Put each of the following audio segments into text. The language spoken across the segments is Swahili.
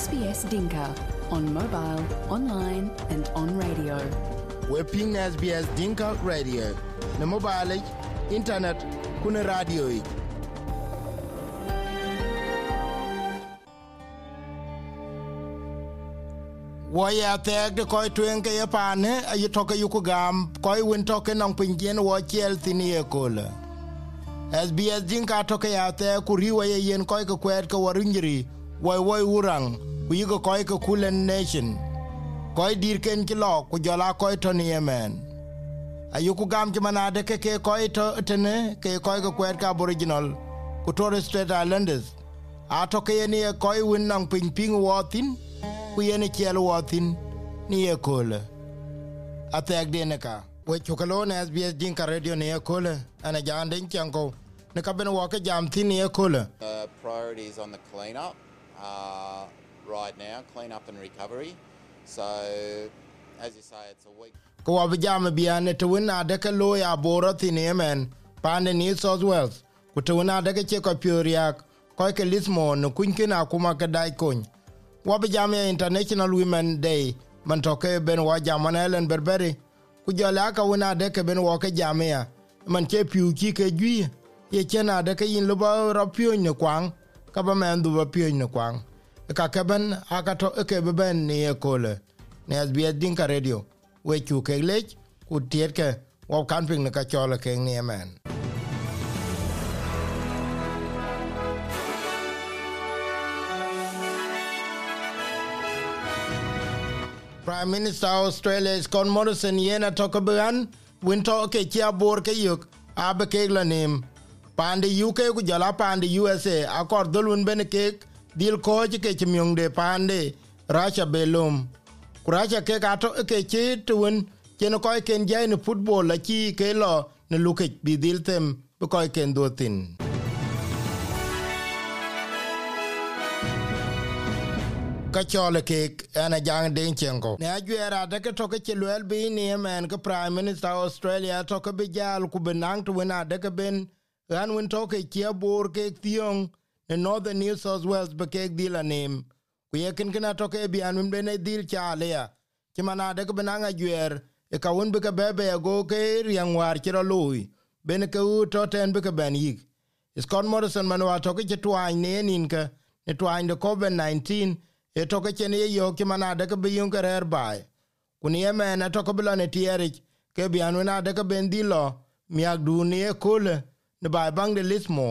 SBS Dinka on mobile, online and on radio. We're ping SBS Dinka Radio. Na mobile, internet, kuna radio. Waya tek de koi tuen ke pane ayi toke yuku gam koi win token nong pinjen wo chiel thini SBS Dinka toke ya tek kuriwa ye yen koi ke kwet woi woi urang ku yiko koi ko kulen nation koi dir ken ki lo ku jola koi to ni yemen ayuku gam ki manade ke ke koi to tene ke koi ko kwet ka aboriginal ku Torres Strait Islanders ato ke yeni e koi win nang ping ping wotin ku yeni kiel wotin ni e kole atek dene ka we chukalo SBS Dinka Radio ni e kole ana jande nchanko ne kabene woke jam tin ni e kole uh, priorities on the cleanup uh, right now, clean up and recovery. So, as you say, it's a week. Ko abijam biane to wina ya boro tine men pande ni South Wales ku to wina de ke ko pyoriak ko ke lismo no kunke na kuma ke dai kun wabijam International Women Day man toke ben wa jamana Ellen Berberi ku jola ka wina de ben wo ke jamia man ke piu ki ke gi ye chena de ke yin lo ba ro pyo ne kwang kaba men du ba pye ne kwang ka kaban aka to ke ben ni e kole ne as bi din ka radio we chu ke le ku tiet ke wo kan ping ne ka chole ke ni men Prime Minister Australia Scott Morrison yena tokobegan winto ke chia bor ke yuk abe ke glanim pande UK ku jala pande USA akor dolun bene ke dil ko ke chimyong de pande Russia belum kuracha ke gato ke chitun chen ko ken jai ne football la chi ke lo ne luke bi dil tem be ko ken do tin ka chole ke ana jang den chengo ne ajwera de ke to ke chilwel bi ni e men ke prime minister australia to ke bi jal ku benang tu na de ke ben ran wen toke chia bor kek thiöŋ ne northern new south wales be kek dila nim ku ye ken kana toke bian wen bene dil cha le ya ki mana de ke bana e ka wun be ke bebe go ke riang war ki looi bene ke u tɔ tɛn be ke ben yik Scott Morrison wa toke ke twany ne nin ke ne twany de covid 19 e toke chen ye yo ki man de bi yun ke rer bai kun ye mena toke bi lɔ ne tierik ke bian wen ade ke ben dilo miak du ne kule ne bai bang de lismo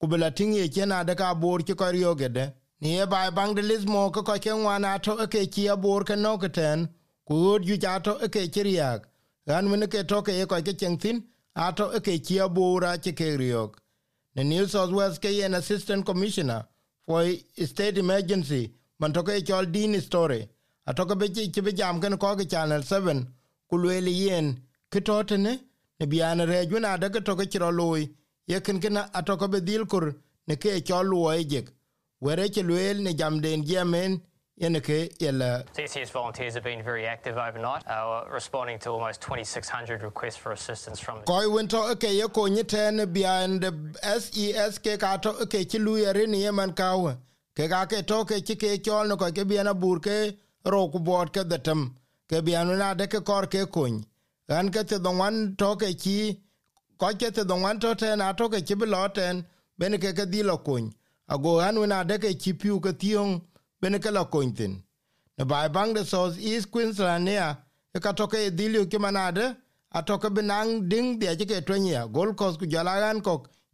ku bela ting ye chena de ka bor ki kor yogede ni ye bai bang de lismo ko ko ken wana to e ke ki ya bor ke no keten ku od ju ja to e ke kiriak gan mun ke to ke ko ke chen tin a to e ke ki ya bora ke ke riok ne new south wales ke an assistant commissioner for state emergency man to ke chol din story a to ke be ki be jam ken ko ke channel 7 ku le yen ke to ne ne bian re ju na de ke to ke ro loy ye ken ken atoko be dil kur ne ke cho luo e jek were che luel ne jam den jamen CCS volunteers have been very active overnight, uh, responding to almost 2,600 requests for assistance from. Koi winto ke ye ko e ni ten behind SES ke kato ke chilu yare ni yeman kawa ke ka ke to ke chike chol no ke biana bur ke roku bot ke datam ke biana na de ke kor ke kun gan ke te dongwan to ke chi ko ke te don wan to ten ato ke ti bene ke ke dilo ago an wina de e ke ti piu ke tiong bene ke lo kun tin ne bai bang de south east queensland ya e ka to ke e ke manade ato binang ding e de ke to nya gol ku jala an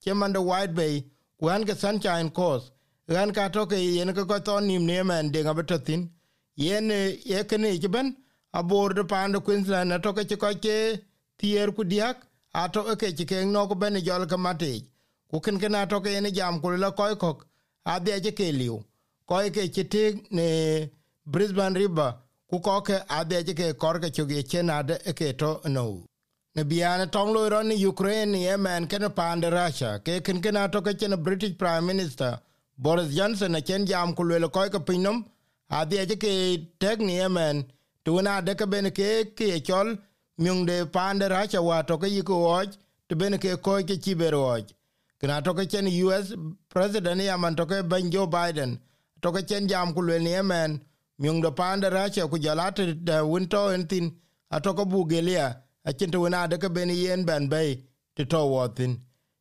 ke man white bay ku an ke sunshine coast ran ka to yen ke ko to nim ne men de ga betotin yen ye ke ne ke abor de pande queensland ato ke ko ke tier ku diak ato eke ci keng no ko bene jol ka mate ku ken ken ato ke ne jam ku la koy kok a de je ke liu ko e ke ci te ne brisbane river ku ko ke a de je ke kor ke chuge che na de eke to e no ne biane tong lo ro ni ukraine ye men ken pande russia ke ken ken ato ke chen british prime minister boris johnson ne ken jam ku le koy ka pinom a de je ke tek ni ye men tu na de ke ben ke ke e chol de pande racha wa toke yiko oj to bene ke ko ke kibero oj kena toke chen US president yaman man toke ben Joe Biden toke chen jam ku le yemen de pande racha ku jalate de winto entin atoko bu gelia wona de ke bene yen ben bay to to wotin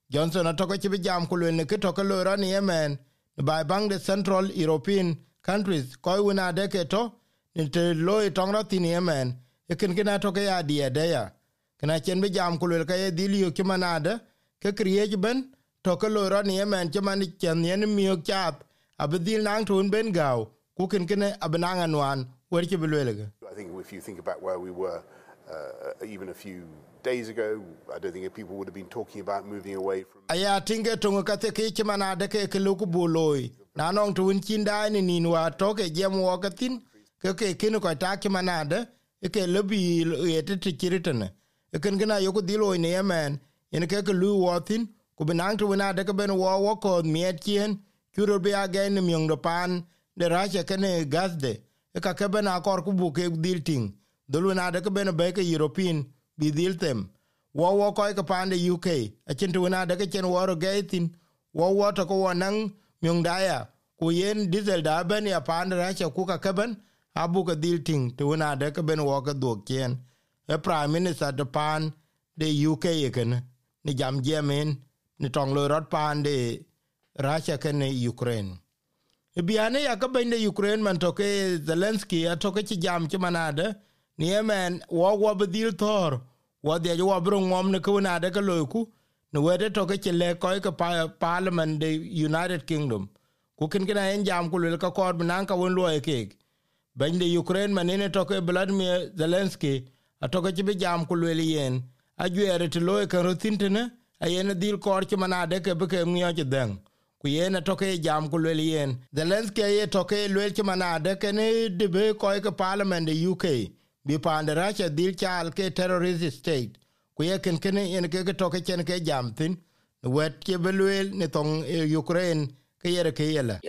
Johnson atoko chibi jam ku le ke toke lo ran yemen by bang the central european countries koy wona de ke to ni te loy tongra tin yemen ekin kina toke ya diede ya kina chen bi jam kulwel ka ye dhil yok chimanade ke kriej ben toke loi ro ni emen chimani chen yen miok chath abi dhil nang tun ben gau kukin kine abi nang anwan wer chi bilwelge I think if you think about where we were uh, even a few days ago, I don't think people would have been talking about moving away from. Aya tinge tungo kate ke chimana de ke ke luku buloi. Na tuun chinda ni ninwa toke jemu wakatin ke ke kinu kwa ta chimana de ke lobi yete ti kiritene ken gina yoku dilo ne yemen en ke ke lu watin ku binang tu na de ben wo wo miet kien kuro bi agen mi ngro pan de rache kene gazde e ka ke ben akor ku ke dil ting dulu na de ben be european bi dil tem wo wo ke pan de uk a chen tu na de chen wo ro ge tin wo ko nang mi ngdaya ku yen diesel da ben ya pan rache ku ka ke ben abu ka dil ting tu na de ka ben wo ka do ken e prime minister de pan de UK ken ni jam jemen ni tong lo rot pan de Russia ken Ukraine biane ya ka ben de Ukraine man to ke Zelensky ya to ke ti jam ti manade ni emen wo wo be dil tor wo de wo bru ngom ne ku na de ka lo ku ni wede to ke ti le ko ke parliament de United Kingdom ku ken ken en jam ku le ka kor nan ka won lo e kek ukrain Ukraine manene toke Vladimir Zelensky atoke chibi jam kulweli yen ajuere ti loe kan ruthintene ayene dhil kor chi manade ke bike ng'iyo chi ku yen atoke jam kulweli yen Zelensky aye toke lwel chi manade kene dibe koi ke parliament UK bi pande Russia dhil chal ke terrorist state ku ye ken kene yen ke toke chen ke jam thin wet ke belwel ne tong eh, Ukraine ke yere yela.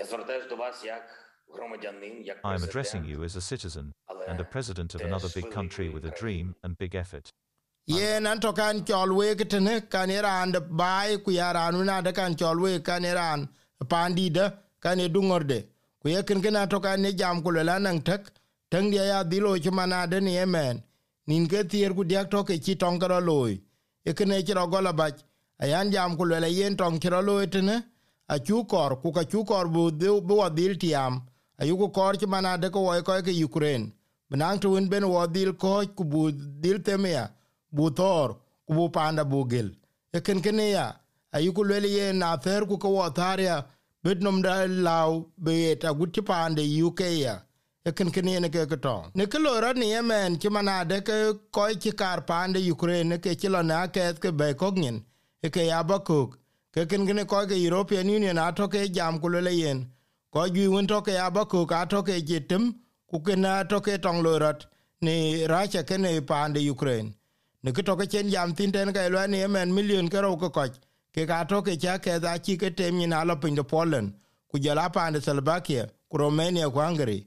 I am addressing you as a citizen and a president of another big country with a dream and big effort. yen an to kan chol wek tene kan iran de bai ku yaran una de kan chol wek kan iran pandi de kan e dungor de ku ye ken kana to kan ne jam ku la nan tek teng dia ya dilo chuma na de ne men nin ke tier ku dia to ke chi tong ro loy e ken e ro gola ba ayan jam ku la yen tong ro loy tene a chu kor ku ka chu kor bu de bu ayuku kor ci mana de ko woy ko ke ukraine benang tu ben wo dil ko ku bu dil temia bu tor ku bu panda bu gel e ken ken ya ayuku le ye na ter ku ko taria bet da law be ta gut ci pande uk ya e ken ken ne ke to ne ke lo ra ni yemen ci mana de ke ko ci kar pande ukraine ke ci lo na ke ke be ko ngin e ke ya ba ku ke ken ken ko ke european union ato ke jam ku le yen ko ju won to ke aba ko ka to ke jitim ku ke na to ke tong lorat ni racha ke ne pande ukraine ne ke to ke chen jam tin ten ga e lo ne men million ke ro ko ko ke ka to ke cha ke da chi ke tem ni na lo pin de polen ku jara pande slovakia ku romania ku angri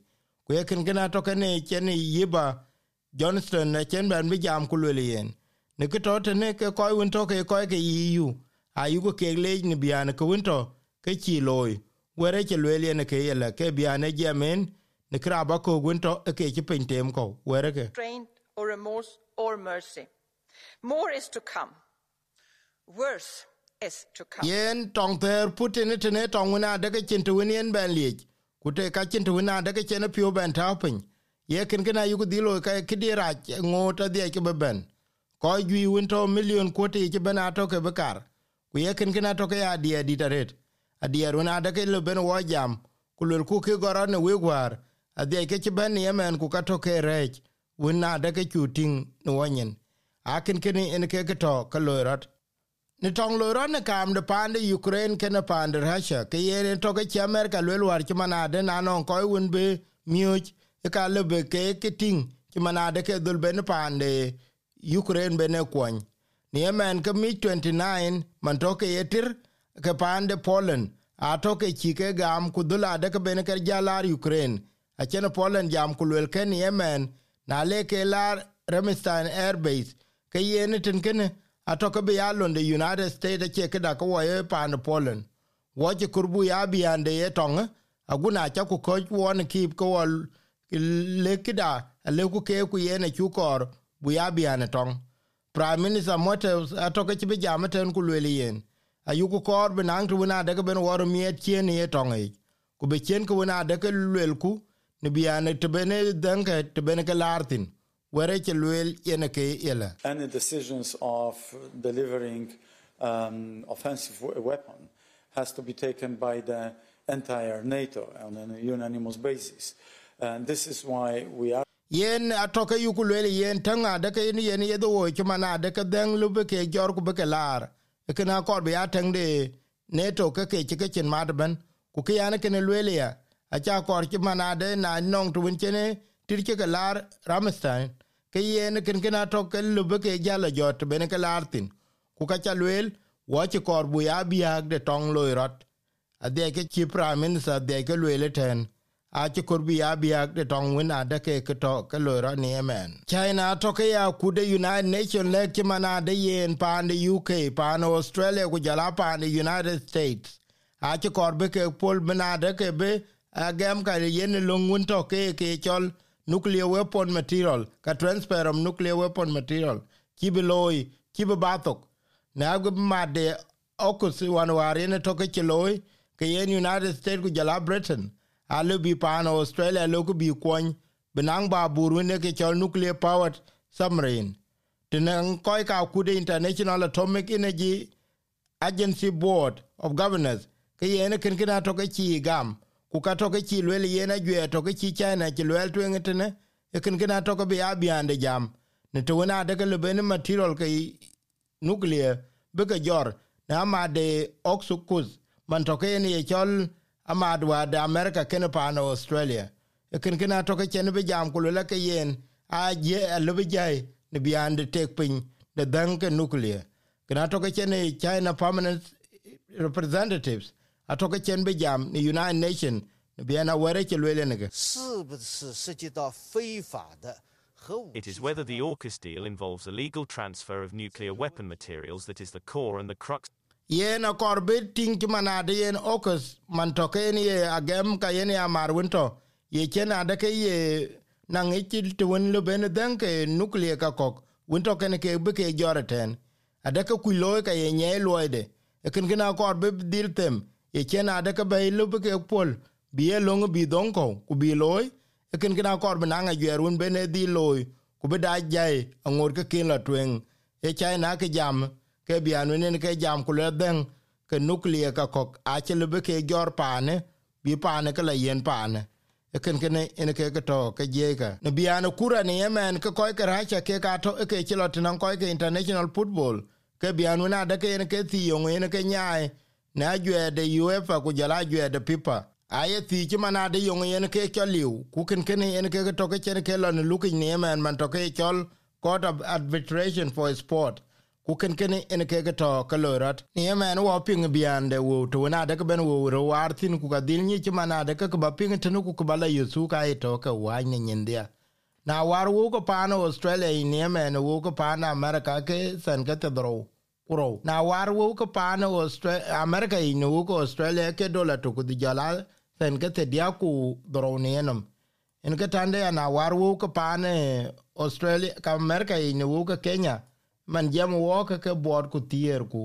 ku ye ken gena to ke ne chen yiba johnston ne chen ben bi jam ku le yen ne ke to te ne ke ko won to ke ko ke eu ayu ko ke le ni an ko won to ke chi loy were ke lwel ye ne ke yele ke biane jamen ne kraba ko gunto e ke ke pintem ko were ke or remorse or mercy more is to come worse is to come yen tong ter putin it ne tong na de ke chintu yen ben li kute ka chintu na de ke chen pio ben ta pin ye ken gena yugo dilo ka kidira ngota de ke ben ko ju winto million kote ke ben ato ke bekar ku ye ken gena to ke ya dia ditaret adier wen adake lo ben wo jam ku lol ku ke goro ne we gwar adhiɛc ke ci bɛn yemen ku ka töke rɛɛc wen na adake cu tiŋ ne wɔnyin akenkeni en keke tɔ ke loi rɔt ne tɔŋ loi rɔt ne kaamde paande ukrain kene paande rasia ke yen en töke ci amɛrika luel war ci manade na nɔŋ kɔc wen be miöc eka lebe keeke tiŋ ci manade ke dhol bene paande ukrain bene kuɔny ne yemen ke mic 29 man töke ke pande Poland ke chike gam kudulade ke bene ker jalar Ukraine achene Poland jam kulwel ken Yemen na ke lar remistan Airbase ke yene tenkene ke be yalon de United States che ke da ko ye pande Poland woche kurbu ya biande ye tonga aguna cha ku ko won kip ko lekida leku ke ku yene chukor bu ya biane tong Prime Minister Motes atoke chibi jamaten kulwel yen ayuku kor ben ye ku ke ke were yene ke Any decisions of delivering um, offensive weapon has to be taken by the entire NATO on a unanimous basis. And this is why we are yen atoke yuku luel yen taŋ adeke yen yen yedhe wo cuman adeke dheŋ lu bi ke jɔr ku bi ke kana kor bi ateng de neto ke ke ke chen madben ku ke yana ke ne lwele ya acha kor ki manade na nong tu winchene tir ke lar ramstein ke yen ken ken ato ke lube ke jala jot bene ke lartin ku ka cha lwel wa chi kor bu ya biag de tong loirot ade ke chi prime minister de ke lwele ten aci kor ya biak de tɔŋ wen adeke ke tɔ ke loi ni emɛn china tɔke ya kude united nation lek ci man ade yen paande uk pan australia ku pan de united states aci kɔr bi kek pol bin adeke bi agɛm ka yen loŋ wen tɔ ke ke nuclear weapon material ka transfer of nuclear weapon material ci bi looi ci bi ba thok ne abi de okus wan waar yen tɔke ci ke yen united states ku jɔl britain alu bi pan australia lo ku bi kwon benang ba buru ke chol nuclear powered submarine tenang koi ka ku international atomic energy agency board of governors ke yene ken kina to ke chi gam ku ka to ke chi le yene gwe to ke chi china chi le to ne e ken kina to ke bi abiande jam ne to na de ke ben material ke nuclear be ke jor na ma de oxukus man to ke ne chol amad de america kene pano australia ken kena toke chen be jam ku le ke yen a je le be jai ne bian de tek pin de danke nuclear kena toke chen china permanent representatives a toke chen be jam ni united nation ne bian a were ke le ne ke It is whether the AUKUS deal involves a legal transfer of nuclear weapon materials that is the core and the crux. yen akor bit ting manade yen okus man token ye agem ka yen ya mar winto ye chen ade ye nang ichil e tuwen luben denke nuklia ka kok winto ken ke beke joreten ade ke ku loy ka ye nye loyde ekin gina akor bit dil tem ye chen ade ke bay lubeke pol biye long bi donko ku bi loy ekin gina akor binanga yerun bene di loy ku beda jay angor ke kin la tweng e chai na ke jam ke bian wenen ke jam ku den ke nuklia ka kok a che lebe ke jor pane bi pane ke la yen pane e ken ken en ke ke to ke je ne bian kura ne yemen ke koy ke racha ke ka to e ke che lot koy ke international football ke bian wena de ke en ke ti yo ne ke nyae na jwe de uefa ku jala jwe de pipa aye thi ci mana de yong yen ke choliu ku ken ken yen ke to ke chen ke lon lukin ne man man to ke chol court of arbitration for sport ku ken kene en ke ke to ke lorat ni yemen wo ping biande wo to na de ben wo ro war tin ku ga dil ni ti mana de ke ba ping tin ku ku bala yusu ka i e to ke wa ni ndia na war wo ko pa no australia ni yemen wo ko pa na america ke san ke te dro uro na war wo ko pa no australia america ni wo ko australia ke dola to ku di jala san ke te dia ku dro ni enum en ke tande na war wo ko pa ne australia ka america ni wo ko kenya man jam wo ke ke bor ku tier ku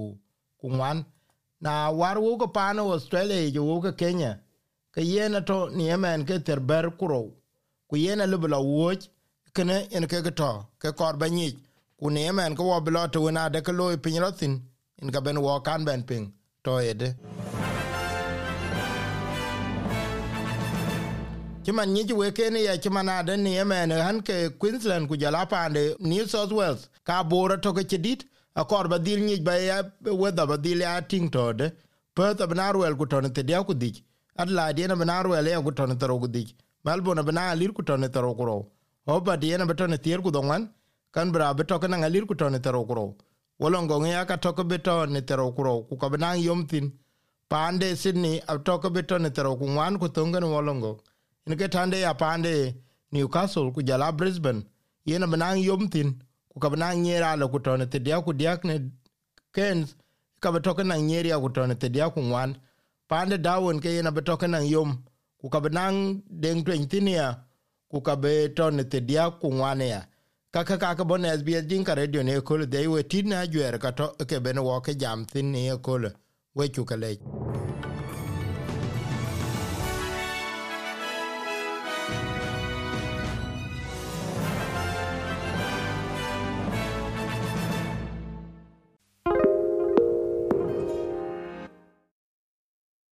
ku wan na war wo ko pano australia jo wo ke kenya ke yena to ni emen ke terber kuro ku yena lubla woj kene en ke to ke kor banyi ku ni emen ko wo blo to na de ko lo pin rotin in ka ben wo kan ben ping to ede kiman nyi we ken ya kiman aden ni emen han ke Queensland ku jala pande New South Wales ka bora toke ke akor badil dil nyi ba ya weather badil ya ting tode Perth ab Narwell ku ton te dia ku dik Adelaide na Narwell ya ku ton te ro ku dik Melbourne ab Nalir ku ton te ro ku ro Hobart ya na beton te ku dongan Canberra be to na Nalir ku ton te ro ku ro Wolongo ya ka toke ke beton te ro ku ro ku ka benang yom Pande Sydney ab to ke beton te ro ku ngwan ku tongen wolongo in ke tande ya pande Newcastle ku jala Brisbane yena manang yomtin ku kabana nyera lo ku tone te dia ku dia ne Kens ka betoke na nyeri ku tone te dia ku wan pande dawon ke yena betoke na yom ku kabana deng twentinia ku ka be tone te dia ku wan ya ka ka bon SBS din ka radio ne ko de we tin na jwer ka to ke ben wo ke jam tin ne ko we ku ka le